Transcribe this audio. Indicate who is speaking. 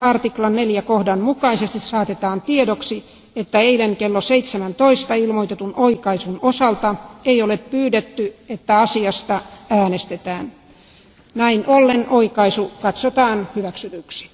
Speaker 1: artiklan neljä kohdan mukaisesti saatetaan tiedoksi että eilen kello seitsemäntoista ilmoitetun oikaisun osalta ei ole pyydetty että asiasta äänestetään. näin ollen oikaisu katsotaan hyväksytyksi.